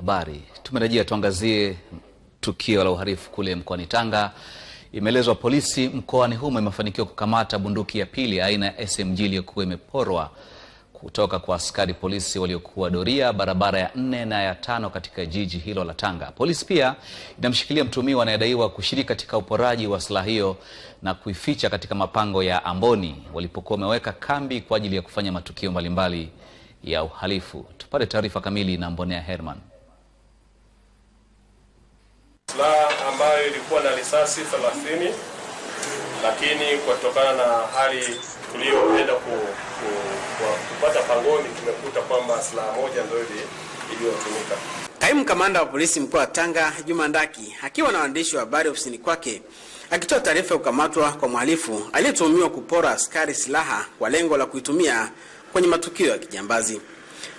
habari. Tumerejea tuangazie tukio la uhalifu kule mkoani Tanga. Imeelezwa polisi mkoani humo imefanikiwa kukamata bunduki ya pili aina ya SMG iliyokuwa imeporwa kutoka kwa askari polisi waliokuwa doria barabara ya nne na ya tano katika jiji hilo la Tanga. Polisi pia inamshikilia mtumiwa anayedaiwa kushiriki katika uporaji wa silaha hiyo na kuificha katika mapango ya Amboni walipokuwa wameweka kambi kwa ajili ya kufanya matukio mbalimbali ya uhalifu. Tupate taarifa kamili na Mbonea Herman. ilikuwa na risasi 30 lakini kwa kutokana na hali tuliyoenda ku, ku, kupata pangoni tumekuta kwamba silaha moja ndio iliyotumika. Kaimu kamanda wa polisi mkoa wa Tanga Juma Ndaki akiwa na waandishi wa habari ofisini kwake akitoa taarifa ya kukamatwa kwa mhalifu aliyetuhumiwa kupora askari silaha kwa lengo la kuitumia kwenye matukio ya kijambazi.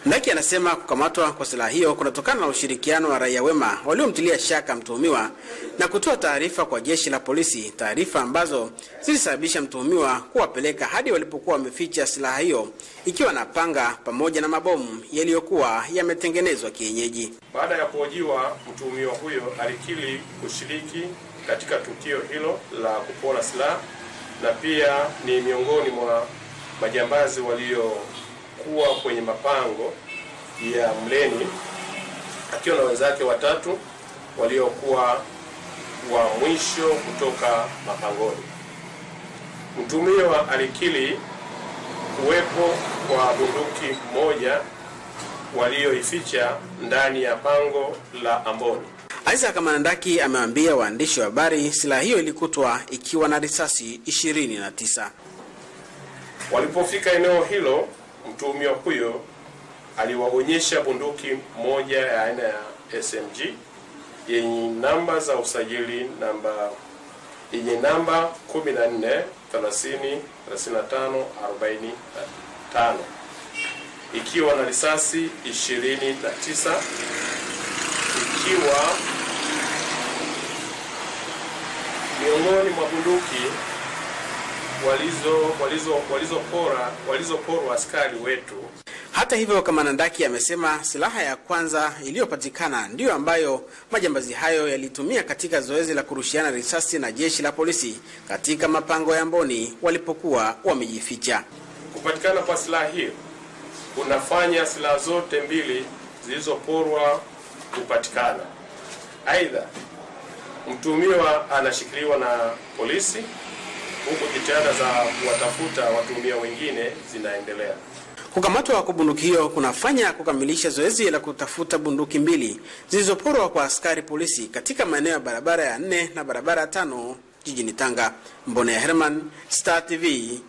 Naki anasema kukamatwa kwa silaha hiyo kunatokana na ushirikiano wa raia wema waliomtilia shaka mtuhumiwa na kutoa taarifa kwa jeshi la polisi, taarifa ambazo zilisababisha mtuhumiwa kuwapeleka hadi walipokuwa wameficha silaha hiyo ikiwa na panga pamoja na mabomu yaliyokuwa yametengenezwa kienyeji. Baada ya kuhojiwa, mtuhumiwa huyo alikiri kushiriki katika tukio hilo la kupora silaha na pia ni miongoni mwa majambazi walio kuwa kwenye mapango ya Mleni akiwa na wenzake watatu waliokuwa wa mwisho kutoka mapangoni. Mtumiwa alikili kuwepo kwa bunduki moja walioificha ndani ya pango la Amboni. Isaac Manandaki amewaambia waandishi wa habari silaha hiyo ilikutwa ikiwa na risasi 29. Walipofika eneo hilo mtuhumiwa huyo aliwaonyesha bunduki moja ya aina ya SMG yenye namba za usajili namba yenye namba 14 ikiwa na risasi 29 ikiwa miongoni mwa bunduki walizo walizo walizopora walizoporwa askari wetu. Hata hivyo, Kamanandaki amesema silaha ya kwanza iliyopatikana ndiyo ambayo majambazi hayo yalitumia katika zoezi la kurushiana risasi na jeshi la polisi katika mapango ya Mboni walipokuwa wamejificha. Kupatikana kwa silaha hiyo kunafanya silaha zote mbili zilizoporwa kupatikana. Aidha, mtumiwa anashikiliwa na polisi huku jitihada za kuwatafuta watuhumiwa wengine zinaendelea. Kukamatwa kwa bunduki hiyo kunafanya kukamilisha zoezi la kutafuta bunduki mbili zilizoporwa kwa askari polisi katika maeneo ya barabara ya nne na barabara ya tano jijini Tanga. mbone Herman, Star TV,